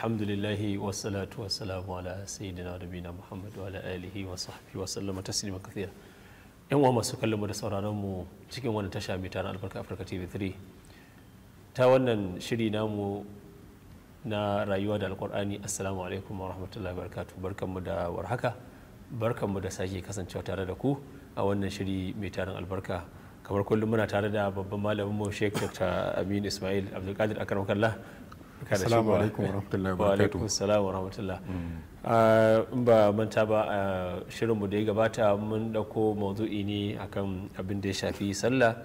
alhamdulillahi wassalatu wassalamu ala sayyidina alihi wa sahbihi wa sallama masu kallon mu da sauraron mu cikin wannan tasha mai tana albarka africa tv 3 ta wannan shiri namu na rayuwa da alkur'ani assalamu alaikum wa rahmatullahi wa barakatuh barkanmu da warhaka barkanmu da sake kasancewa tare da ku a wannan shiri mai taron albarka kamar kullum muna tare da babban malamin mu sheik Dr. Aminu Ismail Abdulkadir Akram Kallah assalamu alaikum Wa alaikum assalamu warahmatullah mm. ah, in ba manta ba a ah, shirinmu da ya gabata mun dauko mawdu'i ne akan abin da ya shafi sallah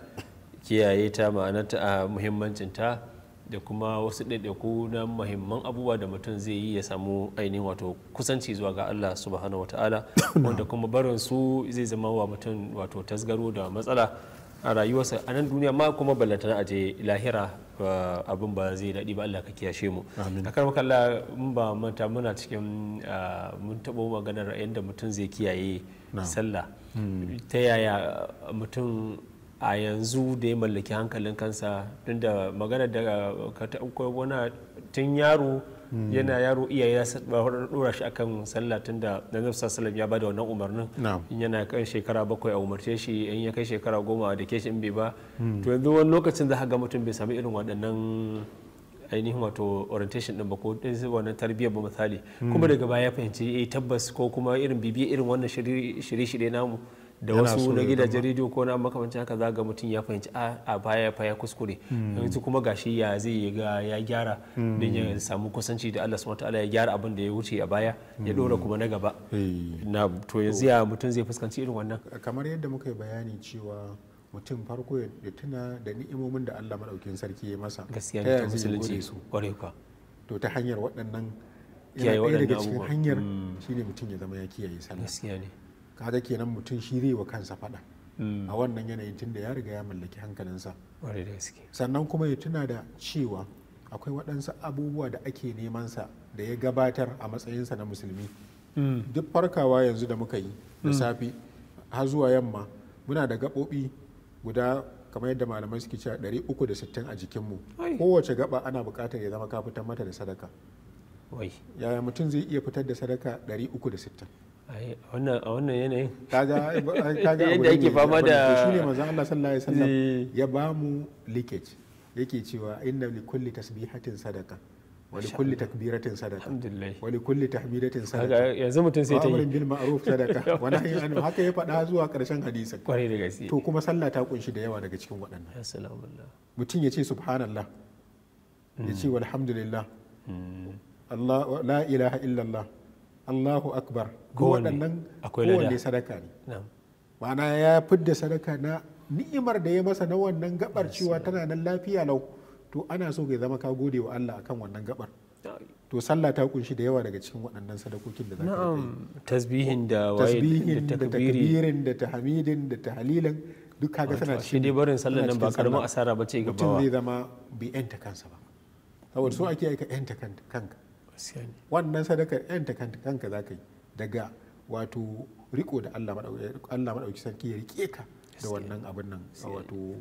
kiyaye ta ma'anarta a ah, muhimmancin ta da kuma wasu ɗaiɗaiku na muhimman abubuwa da mutum zai yi ya samu ainihin wato kusanci zuwa ga Allah subhanahu wa ta'ala wanda kuma barin su zai zama wa mutum wato tasgaro da matsala a rayuwarsa a nan duniya ma kuma ballantana je lahira abin ba zai daɗi ba Allah ka kiyashe mu a kan Allah in ba manta muna cikin ah, mun taɓa maganar yadda mutum zai kiyaye sallah hmm. ta yaya mutum a yanzu da ya mallaki hankalin kansa tun da maganar da ka taɓa wani tun yaro yana yaro iyaye ya dora shi akan sallah tun da annabi sallam ya bada wannan umarnin in yana kan shekara bakwai a umarce shi in ya kai shekara goma da ke shi in bai ba hmm. to yanzu wani lokacin za ga mutum bai sami irin waɗannan ainihin wato orientation din ba ko wannan tarbiyyar ba misali kuma hmm. daga baya ya fahimci eh tabbas ko kuma irin bibiya irin wannan shirye-shirye namu da wasu na gidajen rediyo ko na makamancin haka za ga mutum ya fahimci ah, a baya ya kuskure hmm. yanzu kuma gashi ya zai ga ya gyara hmm. don ya samu kusanci da Allah subhanahu wataala ya gyara abin da ya wuce a baya ya dora hmm. kuma na gaba eh. na to yanzu ya mutum zai fuskanci irin wannan kamar yadda muka yi bayani cewa mutum farko ya tuna da ni'imomin da Allah madaukin sarki ya masa gaskiya ne musulunci kware ka to ta hanyar waɗannan kiyaye waɗannan abubuwa hanyar shine mutum ya zama ya kiyaye sallah gaskiya ne kada kenan mutum shi zai wa kansa faɗa mm. a wannan yanayin tunda ya riga ya mallaki hankalinsa sannan kuma ya tuna da cewa akwai waɗansu abubuwa da ake neman sa da ya gabatar a matsayinsa na musulmi mm. duk farkawa yanzu da muka yi da mm. safi har zuwa yamma muna da gaɓoɓi guda kamar yadda malamai suke cewa sittin a jikinmu kowace gaba ana buƙatar ya zama ka fitar mata da sadaka yaya mutum zai iya fitar da sadaka ɗari uku da sittin? a wannan yanayin kaga yadda yake fama da shi ne mazan Allah sallallahu alaihi wasallam ya ba mu leakage yake cewa inna li kulli tasbihatin sadaka. wa li kulli takbiratin sadaka. wa li kulli tahmidatin sadaka. yanzu mutum sai ta yi bil ma'ruf sadaka wa nahyi anhu haka ya faɗa zuwa ƙarshen hadisin kwarai da gaske to kuma sallah ta kunshi da yawa daga cikin waɗannan assalamu alaikum mutum ya ce subhanallah ya ce hmm. walhamdulillah hmm. Allah la ilaha illallah Allahu akbar ko waɗannan kowane sadaka ne ma'ana ya fidda sadaka na ni'imar da ya masa na wannan gabar cewa tana nan lafiya lau to ana so ya zama ka gode wa Allah akan wannan gabar to sallah ta kunshi da yawa daga cikin waɗannan sadakokin da za ka yi tasbihin da tasbihin da takbirin da tahmidin da tahlilin duk kaga tana cikin dai barin sallar nan ba karamin asara bace ga bawa mutum zai zama bai yanta kansa ba saboda so ake aika yanta kanka wannan sadakar yan ta kanka za ka yi daga wato riko da Allah maɗauki sarki ya rike ka da wannan abin nan wato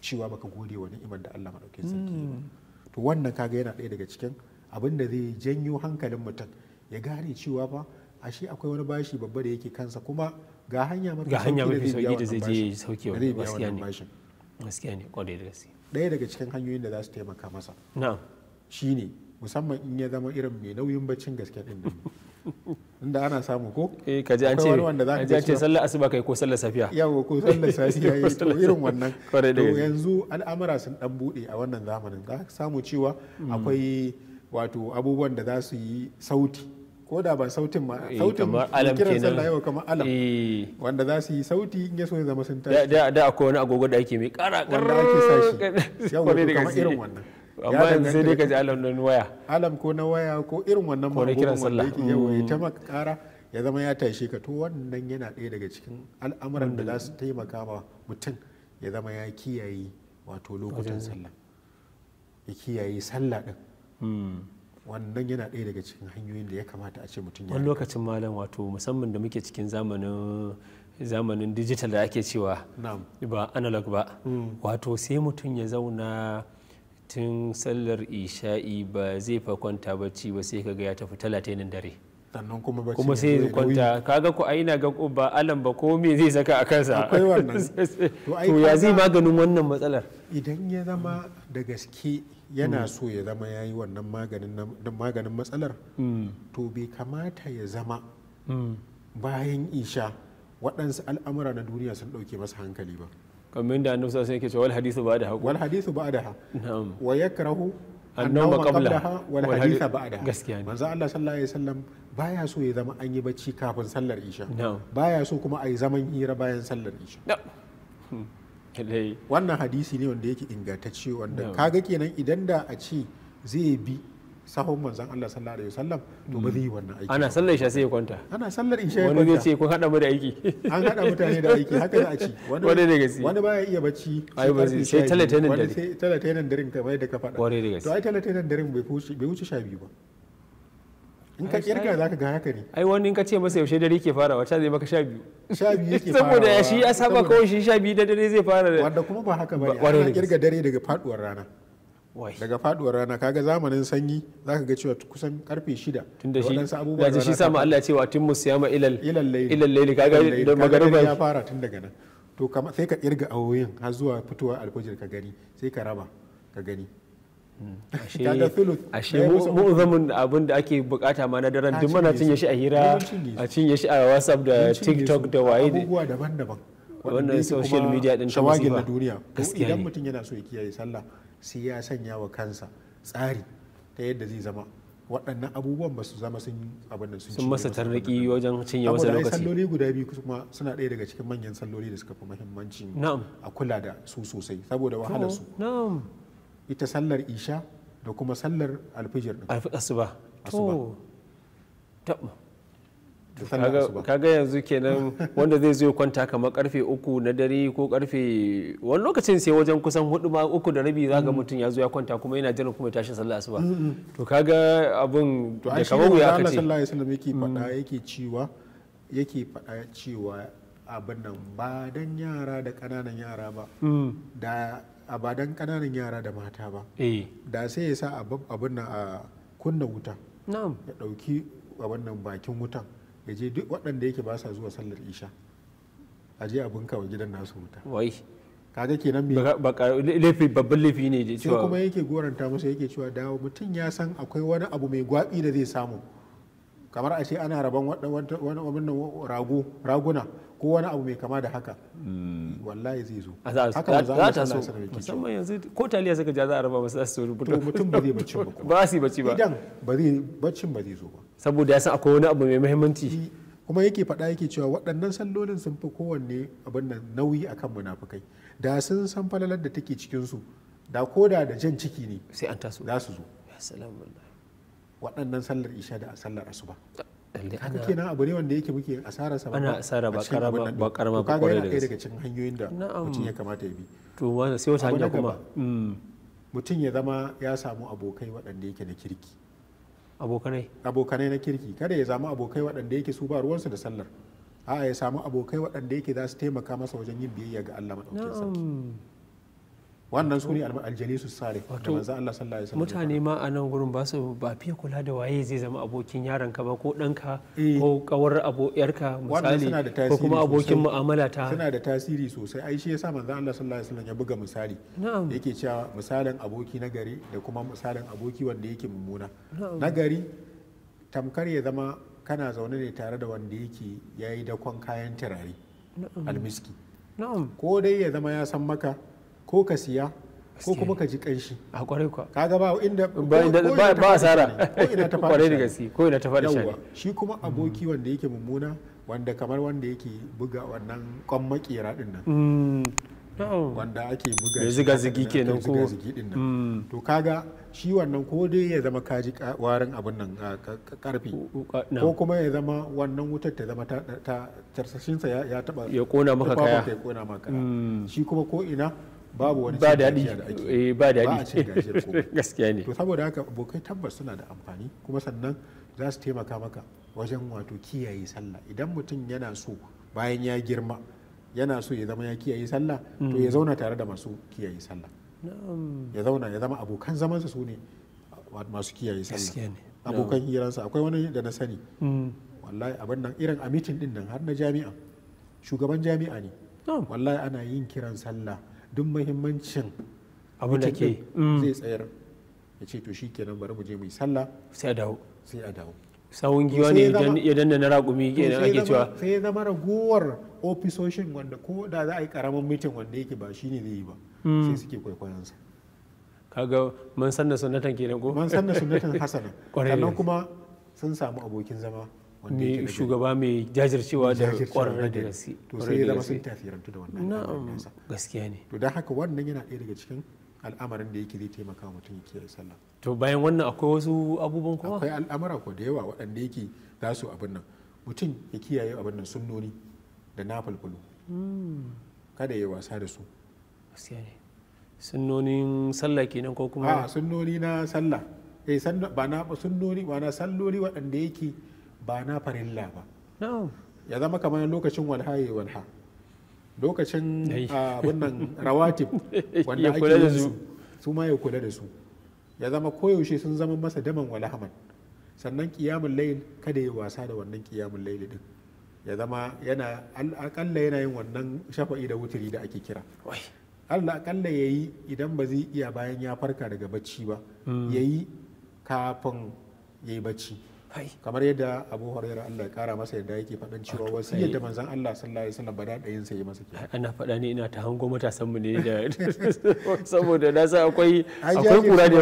cewa baka gode wa ni'imar da Allah maɗauki sarki ba mm. to wannan kaga yana ɗaya daga cikin abin da zai janyo hankalin mutum ya gane cewa ba ashe akwai wani bashi babba da yake kansa kuma ga hanya mafi sauki da zai je sauke wannan gaskiya ne kwarai da gaske ɗaya daga cikin hanyoyin da za su taimaka masa shine musamman in ya zama irin mai nauyin baccin gaske din inda ana samu ko eh ka ji an ce wanda za ka ce sallar asuba kai ko sallar safiya Yawo ko sallar safiya yayi eh, to irin wannan to yanzu al'amura sun dan bude a wannan zamanin ka samu cewa hmm. akwai wato abubuwan da za su yi sauti ko da ba sautin ma eh, sautin kiran sallar yau kamar alam eh. wanda za su yi sauti in ya so ya zama sun tashi da da akwai wani agogo da ake mai kara kara wanda ake sashi yawo kamar irin wannan amma yanzu sai dai ka ji alam na waya alam ko na waya ko irin wannan ko na kiran sallah yake yawa ya ta mm. maka kara ya zama ya tashi ka to wannan yana ɗaya daga cikin al'amuran da za su taimaka ma mutum ya zama ya kiyaye wato lokutan sallah ya kiyaye sallah din mm. wannan yana ɗaya daga cikin hanyoyin da ya kamata a ce mutum ya wani lokacin malam wato musamman da muke cikin zamanin zamanin digital da ake cewa ba analog ba mm. wato sai mutum ya zauna tun sallar isha'i ba zai fa kwanta bacci ba sai kaga ya tafi talatin dare sannan kuma bacci kuma sai kwanta kaga ku aina ga ba alam ba ko me zai saka a kansa akwai wannan to ya zai maganin wannan matsalar idan ya zama da gaske yana so ya zama ya yi wannan maganin matsalar hmm. to bai kamata ya zama hmm. bayan isha waɗansu al'amura na duniya sun ɗauke masa hankali ba kamar da annabi sallallahu alaihi wasallam wal hadithu ba'daha wal hadithu da na'am wa yakrahu annawma qablaha wal ba da gaskiya manzo Allah sallallahu alaihi wasallam baya so ya zama an yi bacci kafin sallar isha baya so kuma a yi zaman hira bayan sallar isha hmm. wannan hadisi ne wanda yake ingantacce wanda kaga kenan idan da a ce zai bi sahun manzan Allah sallallahu alaihi wasallam to ba zai yi wannan aiki ana sallar isha sai ya kwanta ana sallar isha ya kwanta wani zai ce kun hada mu da aiki an hada mutane da aiki haka za a ci wani da gaske wani baya iya bacci ai ba sai talatainin dare sai talatainin dare kamar da ka faɗa wani da gaske to ai talatainin dare bai fushi bai wuce sha biyu ba in ka kirka zaka ga haka ne ai wani in ka ce masa yaushe dare yake fara wacce zai maka sha biyu sha biyu yake fara saboda shi ya saba kawai shi sha biyu da dare zai fara wanda kuma ba haka bane ana kirka dare daga faduwar rana daga faduwar rana kaga zamanin sanyi zaka ga cewa kusan karfe shida da shi abubuwa da shi sama Allah cewa tun musiyama ilal ilal laili kaga da magariba ya fara tun daga nan to kama sai ka kirga awoyin har zuwa fitowa alfajir ka gani sai ka raba ka gani hmm. ashe mu'zamin abin da ake bukata ma na daren duk mana cinye shi a hira a cinye shi a whatsapp da tiktok da waye abubuwa daban-daban wannan social media din ta musiba gaskiya idan mutum yana so ya kiyaye sallah sai ya sanya wa kansa tsari ta yadda zai zama waɗannan abubuwan ba su zama sun abin sun sun masa tarnaki wajen cinye wasu lokaci salloli guda biyu kuma suna ɗaya daga cikin manyan salloli da suka fi muhimmanci a kula da su sosai saboda wahalar su ita sallar isha da kuma sallar alfijir asuba asuba kaga yanzu kenan wanda zai zo kwanta kamar karfe uku na dare ko karfe wani lokacin sai wajen kusan hudu ma uku da rabi zaga mm. mutum ya zo ya kwanta kuma yana jiran kuma tashi sallah asuba mm, mm. to kaga abin da kamar wuya aka ce sallallahu alaihi wasallam yake fada yake cewa yake fada cewa abin nan ba dan yara da kananan yara ba da a ba dan kananan yara da mata ba eh. da sai ya sa abin nan a kunna wuta ya dauki a wannan bakin wutan ya je duk waɗanda yake ba sa zuwa sallar isha a je abin kawo gidan nasu wuta wai kaga kenan me laifi babban laifi ne je cewa sai kuma yake goranta musu yake cewa dawo mutum ya san akwai wani abu mai gwabi da zai samu kamar a ce ana rabon wani rago raguna ko wani abu mai kama da haka hmm. wallahi zai zo haka za ta so musamman yanzu ko taliya suka ja za a raba masu za su mutum ba zai bacci ba ba su bacci ba idan ba zai baccin ba zai zo ba saboda ya san akwai wani abu mai muhimmanci kuma yake faɗa yake cewa waɗannan sallolin sun fi kowanne abin nan nauyi akan munafukai da sun san falalar da take cikin su da koda da jan ciki ne sai an taso za su zo waɗannan sallar isha da sallar asuba haka kenan abu ne wanda yake muke asara sa ana asara ba karama ba karama ba kwarai da daga cikin hanyoyin da mutum ya kamata ya bi to sai wata hanya kuma mm. mutum ya zama ya samu abokai waɗanda yake da kirki abokanai abokanai na kirki kada ya samu abokai waɗanda yake su ba ruwansu da sallar a'a ya samu abokai waɗanda yake za su taimaka masa wajen yin biyayya ga Allah maɗaukin sarki wannan su ne aljani su sare Wato Allah sallallahu alaihi mutane ma a nan gurin ba su ba fiye kula da waye zai zama abokin yaron ka ba ko ɗanka eh. ko kawar ka misali ko kuma abokin mu'amala ta suna da tasiri sosai ai shi yasa manzan Allah sallallahu alaihi ya buga misali yake cewa misalin aboki na gari da kuma misalin aboki wanda yake mummuna na gari tamkar ya zama kana zaune ne tare da wanda yake yayi dakon kayan turare almiski ko dai ya zama ya san maka ko ka siya ko kuma ka ji kanshi a kwarai kwa kaga ba inda ba asara ko ina ta kwarai da gaske ko ina ta fara shani shi kuma aboki wanda yake mummuna wanda kamar wanda yake buga wannan kwan makera din nan wanda ake buga shi ziga zigi kenan ko to kaga shi wannan ko dai ya zama kaji warin abin nan karfi ko kuma ya zama wannan wutar ta zama ta tarsashinsa ya taba ya kona maka kaya shi kuma ko ina babu wani cin daɗi da ake yi eh, ba a cin gajiyar ko gaskiya ne to saboda haka abokai tabbas suna da amfani kuma sannan za su taimaka maka wajen wato kiyaye sallah idan mutum yana so bayan ya girma yana so ya zama ya kiyaye sallah to ya mm. zauna tare da masu kiyaye sallah ya zauna ya zama abokan zamansa su ne masu kiyaye sallah abokan hiransa akwai wani da na sani mm. wallahi abin nan irin a mitin din nan har na jami'a shugaban jami'a ne wallahi ana yin kiran sallah duk mahimmancin abu da ke zai mm. tsayar ya ce to shikenan bari mu je mu yi sallah sai a dawo sai a dawo sawun giwa ne ya danda na raƙumi kenan ake cewa sai zama ragowar ofisoshin wanda ko da za a yi karamin mitin wanda yake ba shi ne zai yi ba mm. sai suke kwaikwayonsa kaga mun san da sunnatan kenan ko mun san da sunnatan hasana sannan kuma sun samu abokin zama mai shugaba mai jajircewa da kwarar da gaske to sai ya zama sun tafiyarantu da wannan na'am gaskiya ne to don haka wannan yana ɗaya daga cikin al'amarin da yake zai taimaka mutum ya kiyaye sallah to bayan wannan akwai wasu abubuwan kuma akwai al'amara ko da yawa waɗanda yake za su abin nan mutum ya kiyaye abin nan sunnoni da na falfulu hmm. kada ya wasa da su gaskiya ne sunnonin sallah kenan ko kuma a sunnoni na sallah eh ba na sunnoni ba na salloli waɗanda yake ba na farilla ba ya zama kamar lokacin walhaye walha lokacin ah, abin nan rawatib wanda ake da su su ma ya kula da su ya zama koyaushe sun zama masa daman walhaman sannan kiyamun layin kada ya wasa da wannan kiyamun layil din ya zama yana alƙalla yana yin wannan shafa'i da wuturi da ake kira allah aƙalla ya yi idan ba zai iya bayan ya farka daga bacci ba hmm. ya yi kafin ya yi bacci kamar yadda abu hurairah Allah ya kara masa yadda yake faɗan cewa wasu yadda manzon Allah sallallahu alaihi wasallam ba da ɗayan sai masa ke ana faɗa ne ina ta hango matasan mu ne da saboda na san akwai akwai kura da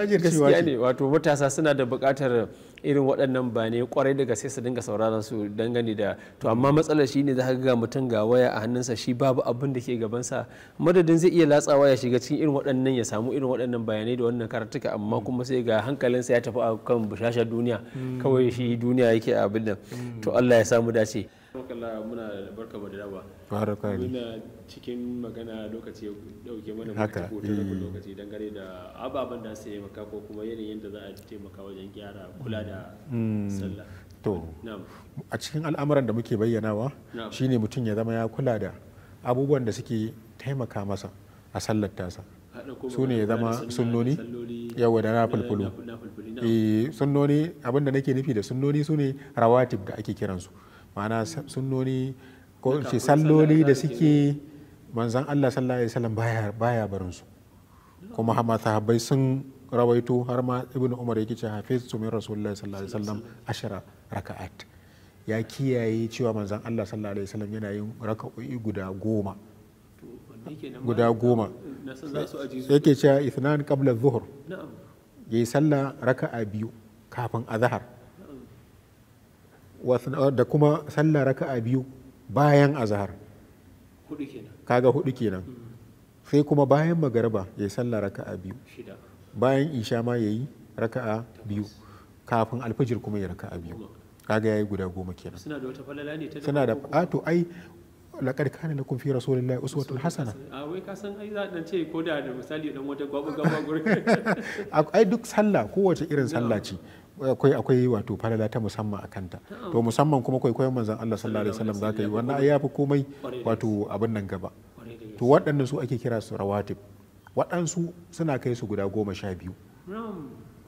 yawa gaskiya ne wato matasa suna da buƙatar irin waɗannan ba ne kwarai daga sai su dinga sauraron su dangane da to amma matsalar shi ne za ga mutum ga waya a hannunsa shi babu abin da ke gabansa madadin zai iya latsawa ya shiga cikin irin waɗannan ya samu irin waɗannan bayanai da wannan karatuka amma kuma sai ga hankalinsa ya tafi a kan bushashar duniya hmm. kawai shi duniya yake abin nan to Allah ya samu dace Makalla barka da dawa. Muna cikin za a taimaka da hmm. sallah. cikin al'amuran da muke bayyanawa shine mutum ya zama ya kula da abubuwan da suke taimaka masa a sallar tasa. su ne ya zama sunnoni yawa da na fulfulu eh, sunnoni abinda nake nufi da sunnoni su ne rawatib da ake kiransu ma'ana sunnoni ko in ce salloli da suke manzan Allah sallallahu alaihi wasallam baya baya barin su kuma hama sahabbai sun rawaito har ma ibnu umar yake cewa hafiz su min rasulullahi sallallahu alaihi wasallam ashara raka'at ya kiyaye cewa manzan Allah sallallahu alaihi wasallam yana yin raka'o'i guda goma guda goma yake cewa ithnan qabla dhuhr yayi sallah raka'a biyu kafin azhar da kuma sallah raka a biyu bayan azhar kaga hudu kenan mm. sai kuma bayan magarba ya yi sallah a biyu bayan isha ma ya yi raka a biyu kafin alfajir kuma ya raka a biyu kaga ya yi guda goma kenan suna da wata falala ne ta suna da a to ai laqad hasana a ah, wai ka san ai za ce ko da misali dan wata gwabu duk sallah kowace irin akwai akwai wato falala ta musamman a kanta to ah. musamman kuma kwaikwayon manzon Allah sallallahu alaihi wasallam zaka yi wannan ai fi komai wato abin nan gaba to waɗannan su ake kira su rawatib waɗansu suna kai su guda goma sha biyu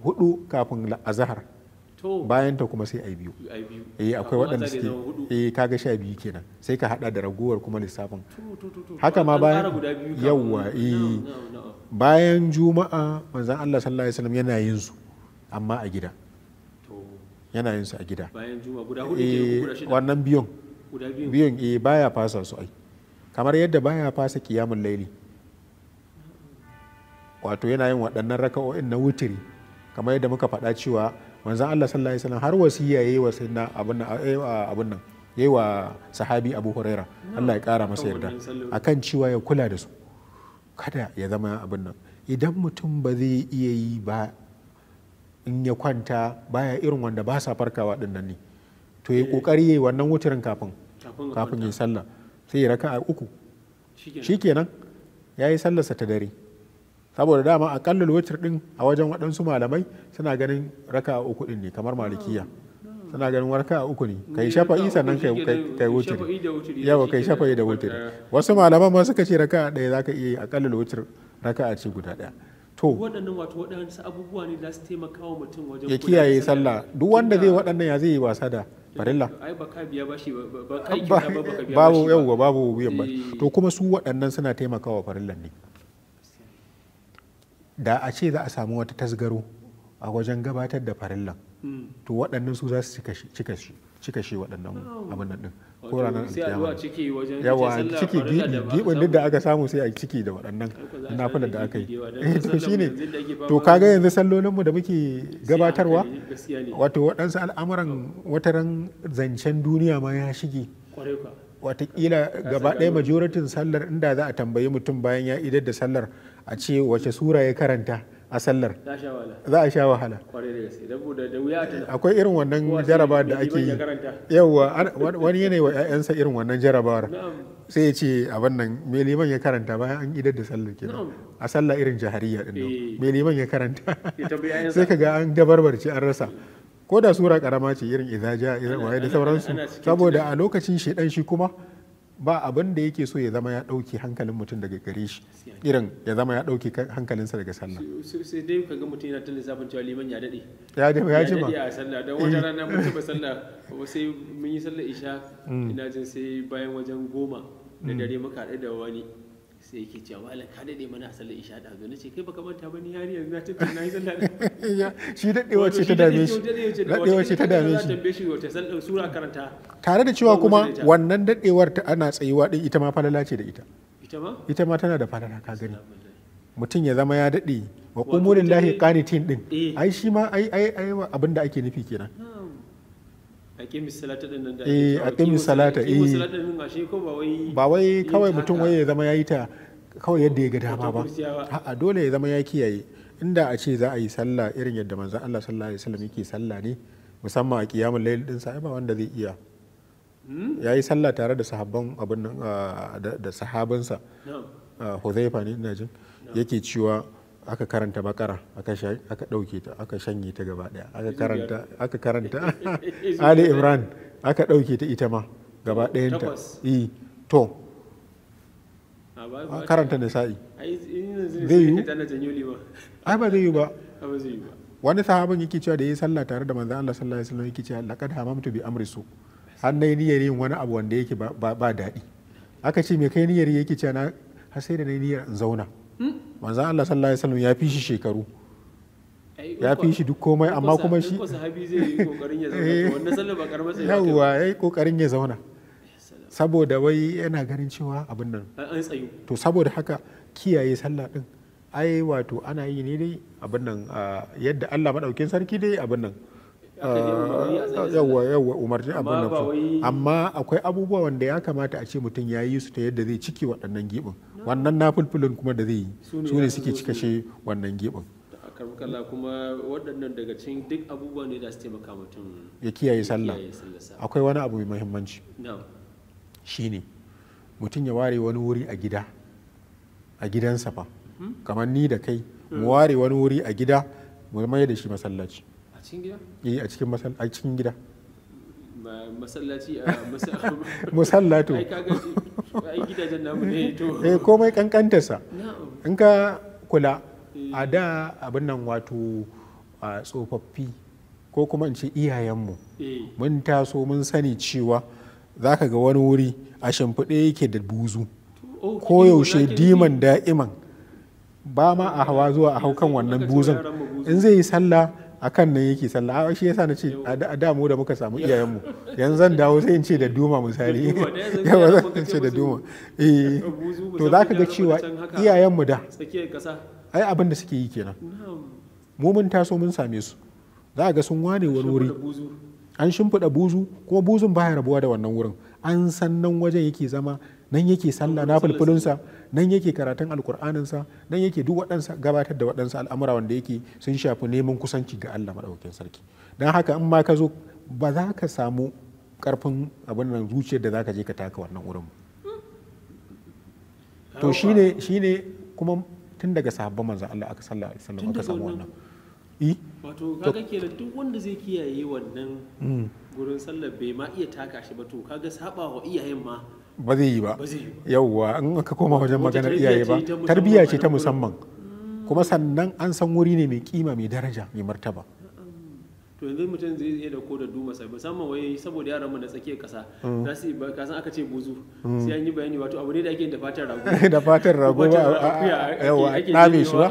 hudu kafin azahar bayan ta kuma sai ai biyu eh akwai waɗanda suke eh kaga sha biyu kenan sai ka hada da ragowar kuma lissafin haka ma bayan yawa eh bayan juma'a manzon Allah sallallahu alaihi wasallam yana yin su amma a gida yana yin su a gida bayan eh, wannan biyun biyun e baya fasa su ai kamar yadda baya fasa kiyamul laili wato yana yin waɗannan raka'o'in na wutiri kamar yadda muka faɗa cewa manzon Allah sallallahu alaihi wasallam har wasiya yayi wa sayyidina abun nan eh, abun nan yayi wa sahabi Abu Huraira ah, Allah ya kara masa yarda akan cewa ya kula da su kada ya zama abin nan idan mutum ba zai iya yi ba in ya kwanta baya irin wanda ba sa farkawa din nan ne to ya kokari yi wannan wutirin kafin kafin ya sallah sai ya a uku shikenan ya yi sallarsa ta dare saboda dama kallon wutir din a wajen waɗansu malamai suna ganin raka a uku din ne kamar malikiya suna ganin warka uku ne kai shafa'i sannan kai wutiri yawa kai shafa'i da wutiri wasu malaman ma suka ce a ɗaya zaka iya yi akallul wutir a ce guda ɗaya to waɗannan wato waɗansu abubuwa ne za su taimaka wa mutum wajen ya kiyaye sallah duk wanda zai waɗannan ya zai yi wasa da farilla ai ba ka biya ba kai ba ka biya babu yawwa babu biyan ba eh. to kuma su waɗannan suna taimaka wa farillan ne da a ce za a samu wata tasgaro a wajen gabatar da farillan Hmm. to waɗannan su za su cika shi cika shi waɗannan oh. abin nan din ko ranar alkiyama yawa ciki gibin duk da aka samu sai a ciki da waɗannan nafilar da aka yi eh, to shine to kaga yanzu sallolinmu da muke gabatarwa wato waɗansu al'amuran wataran zancen duniya ma ya shige watakila gaba ɗaya majoratin sallar inda za a tambayi mutum bayan ya idar da sallar a ce wace sura ya karanta a sallar za a sha wahala akwai irin wannan jaraba da ake yi yawwa wani yanayi wa 'ya'yansa irin wannan jarabawar sai ya ce abin nan me liman ya karanta bayan an idar da sallar kenan a sallah irin jahariya din nan eh. me liman ya karanta sai ka ga an dabarbarci an rasa ko da sura karama ce irin izaja irin waye da sauransu saboda a lokacin shedan shi kuma ba abin da yake so ya zama ya ɗauke hankalin mutum daga gare shi irin ya zama ya ɗauke hankalinsa daga sallah sai dai ka ga mutum yana ta lissafin cewa liman ya daɗe ya daɗe ya jima ya sallah don wata eh. rana mun taɓa sallah sai mun yi sallah isha mm. ina jin sai bayan wajen goma da mm. dare muka haɗu da wani sai yake cewa malam ka dade mana sallar isha da zo ce kai baka manta bane ni har yanzu na tafi na yi sallar shi dadewa ce ta dame shi dadewa ce ta dame shi tambaye shi wata sallar sura karanta tare da cewa kuma wannan dadewar ta ana tsayuwa din ita ma falala ce da ita ita ma ita ma tana da falala ka gani mutum ya zama ya dade wa umurin lahi qanitin din eh. ai shi ma ai ai ai abin da ake nufi kenan a aƙimi salata ɗin nan da ake eh, eh. salata ɗin ba wai kawai mutum wai ya zama ya yi ta kawai yadda ya ga dama ba a'a dole ya zama ya kiyaye inda a ce za a yi sallah irin yadda manzon Allah sallallahu alaihi wasallam yake sallah ne musamman a kiyamul layl din sa ba wanda zai iya hmm? ya yi sallah tare da sahabban abin nan da sahabansa Huzaifa ne ina jin yake cewa aka karanta bakara aka dauke ta aka shanye ta gaba daya aka karanta Ali Imran aka ɗauke ta ita ma gaba ta eh, to a karanta da sa'i zai yi ai ba zai yi ba wani sahabin yake cewa da yi sallah tare da manzan Allah sallallahu alaihi wasallam yake cewa laqad hamamtu bi amri su har nayi niyyar yin wani abu wanda yake ba daɗi aka ce me kai niyyar yake cewa na har sai da nayi niyyar in zauna hmm? manzan Allah sallallahu alaihi wasallam ya fi shi shekaru ya fi shi duk komai amma kuma shi yawwa ya yi kokarin ya zauna saboda wai yana ganin cewa abin nan to saboda haka kiyaye sallah din ai wato ana yi ne dai abin nan yadda Allah madaukin sarki dai abin nan yawwa yawwa umarni abin nan amma akwai abubuwa wanda ya kamata a ce mutum ya yi su ta yadda zai ciki waɗannan gibin wannan na fulfulin kuma da zai yi su ne suke cika shi wannan gibin karmakalla kuma waɗannan daga cikin duk abubuwa ne da su taimaka mutum ya kiyaye sallah akwai wani abu mai muhimmanci shine mutum ya ware wani wuri a gida a gidansa fa hmm? kamar ni da kai mu hmm. ware wani wuri a gida mu mai da shi masallaci a cikin gida eh, a cikin masallaci a gida masallaci a masallatu ai gidajen namu ne eh komai kankantarsa in ka kula a eh. da abin nan wato tsofaffi ko kuma in ce iyayenmu eh. mun taso mun sani cewa za ka ga wani wuri a shimfiɗe yake da buzu oh, koyaushe diman da'iman ba ma a hawa zuwa a haukan wannan buzun in zai yi sallah a kan nan yake sallah a shi yasa na ce a damu da muka samu iyayenmu yanzu zan dawo sai in ce da duma misali yawa zan in ce da duma eh, to za ka ga cewa iyayenmu da ai abin da suke yi kenan mu mun taso mun same su za a ga sun wane wani wuri an shimfiɗa buzu kuma buzun baya rabuwa da wannan wurin an san nan wajen yake zama nan yake sallah na fulfulunsa nan yake karatun alkur'aninsa nan yake duk waɗansa gabatar da waɗansa al'amura wanda yake sun shafi neman kusanci ga Allah maɗaukin sarki don haka in ma ka zo ba za ka samu ƙarfin abin nan zuciyar da za ka je ka taka wannan wurin to shine shine kuma tun daga sahabban manzon Allah aka sallah aka samu wannan E? wato kaga kenan duk wanda zai kiyaye wannan hmm. gurin sallar bai ma iya taka shi ba to kaga saba wa iyayen ma ba zai yi ba yauwa in ka koma wajen maganar iyaye ba tarbiyya ce ta musamman kuma sannan an san wuri ne mai kima mai daraja mai martaba to yanzu mutum zai iya da ko da duma sai musamman wai saboda yaran mu na tsakiyar kasa mm. za su ka san aka ce buzu mm. sai an yi bayani wato abu ne da ake da fatar rago da fatar rago ba yawa dame shi ba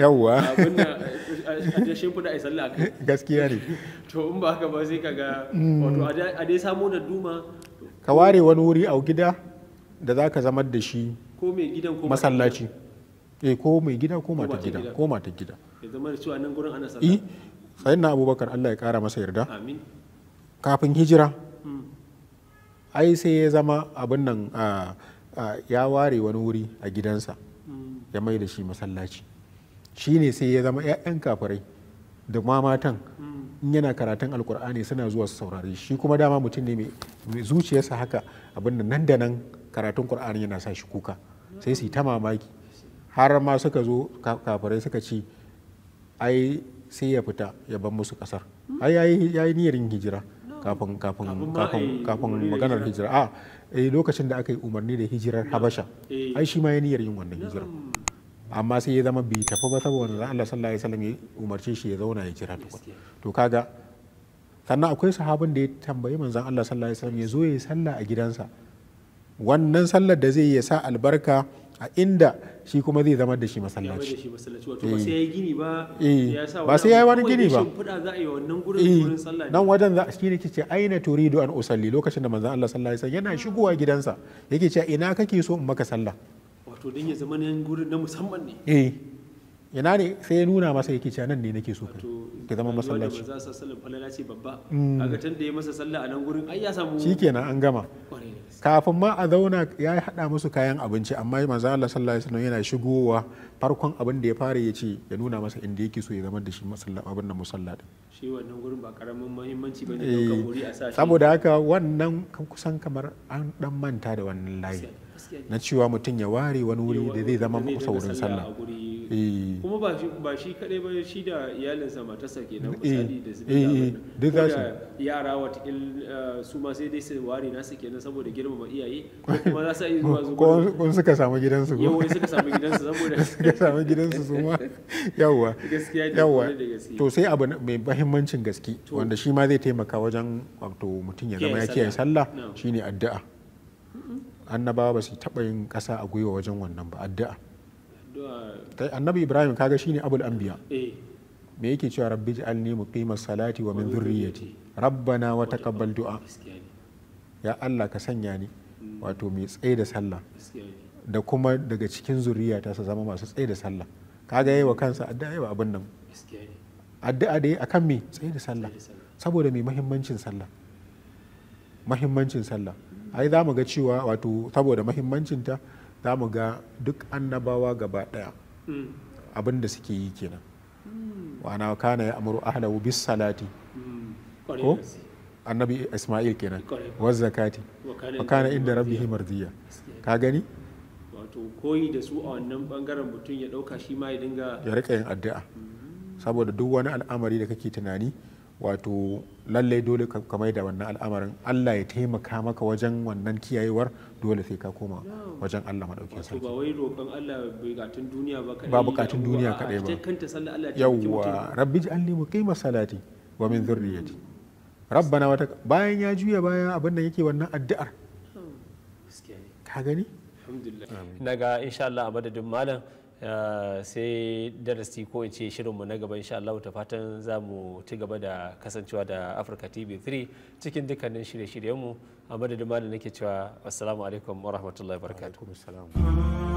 yawa abinda a da ai sallah kai gaskiya ne to in ba haka ba sai ka ga mm. wato a dai samu da duma ka ware wani wuri a gida da za ka zamar da shi ko mai gidan ko masallaci eh ko mai gida ko mata gida ko mata gida ya zama da cewa nan gurin ana sallah eh, sayyidina abubakar allah ya kara masa yarda kafin hijira hmm. ai sai ya zama abin nan ya ware wani wuri a gidansa hmm. ya mai da shi masallaci shi ne sai ya zama 'ya'yan kafirai da ma hmm. in yana karatun alkur'ani suna zuwa su saurare shi kuma dama mutum ne mai zuciyarsa haka abin nan da nan karatun kur'ani yana sa shi kuka sai su yi ta mamaki har ma suka zo kafirai suka ci ai sai ya fita ya ban musu kasar ai yi niyyar yin hijira kafin kafin kafin kafin maganar hijira a eh, lokacin da aka yi umarni da hijirar habasha eh. ai shi ma ya niyyar yin wannan hijira amma sai ya zama bai tafi ba saboda Allah sallallahu alaihi wasallam ya umarce shi ya zauna ya jira tukun to kaga sannan akwai sahabin da ya tambayi manzon Allah sallallahu alaihi wasallam ya zo ya yi sallah a gidansa wannan sallar da zai ya sa albarka a inda shi kuma zai zama da shi masallaci ba eh. eh. sai ya yi wani gini ba eh. nan wajen za shi ne kice aina turidu an usalli lokacin da manzan Allah sallallahu alaihi wasallam yana shigowa gidansa yake cewa ina kake so in maka sallah wato dan ya zama ne gurin na musamman ne yana ne sai ya nuna masa yake cewa nan ne nake so ka zama masallaci wanda manzo sallallahu falala ce babba hmm. a tun da ya masa sallah a nan gurin ai ya samu shikenan an gama kafin ma a zauna ya hada musu kayan abinci amma manzo Allah sallallahu alaihi wasallam yana shigowa farkon abin da ya fara ya ce ya nuna masa inda yake so ya zama da shi masallaci abin da musalla din shi wannan gurin ba karamin muhimmanci bane daukan eh, wuri a sashi saboda haka wannan kusan kamar an dan manta da wannan layi na cewa mutum ya ware wani wuri da zai zama saurin sallah eh. kuma ba shi kadai ba shi da iyalinsa matarsa ke nan eh, misali da eh, su da su yara wata su ma sai dai su ware nasu kenan saboda girmama iyaye ko kuma za su yi zuwa zuwa ko suka samu gidansu ko suka samu gidansu saboda suka samu gidansu su ma yawwa yawwa to sai abu mai mahimmancin gaske wanda shi ma zai taimaka wajen wato mutum ya zama ya kiyaye sallah shine addu'a annabawa ba su taɓa yin ƙasa a gwiwa wajen wannan ba addu'a kai annabi ibrahim kaga shine abul anbiya eh. me yake cewa rabbi ja'alni muqimas salati wa min dhurriyyati rabbana wa taqabbal du'a ya Allah ka sanya ni hmm. wato mai tsaye da sallah da kuma daga cikin zuriya ta su zama masu tsaye da sallah kaga yayi wa kansa addu'a yayi wa abin nan addu'a da yi akan me tsaye da sallah saboda mai mahimmancin sallah mahimmancin sallah ai za mu ga cewa wato saboda mahimmancinta za mu ga duk annabawa gaba ɗaya hmm. abin da suke yi kenan wana kana ya amuru ahlahu bis salati hmm. ko annabi isma'il kenan wa zakati wa kana inda rabbihi mardiya ka gani wato koyi da su a wannan bangaren mutum ya dauka shi ma ya dinga ya rika yin addu'a hmm. saboda duk wani al'amari da kake tunani wato lallai dole ka mai da wannan al'amarin allah ya taimaka maka wajen wannan kiyayewar dole sai ka koma wajen allah maɗauki sarki ba wai roƙon allah bukatun duniya ba kaɗai ba bukatun duniya kaɗai ba yawwa rabbi ji alli mu kima salati wa min zurriyati rabbana wata bayan ya juya bayan abin da yake wannan addu'ar hmm. ka gani alhamdulillah naga insha allah a madadin malam Eh, sai darasi ko in ce shirinmu na gaba insha Allah ta fatan za mu ci gaba da kasancewa da Africa TV 3 cikin dukkanin shirye-shiryenmu a madadin malam nake cewa assalamu alaikum wa rahmatullahi wa barakatuh.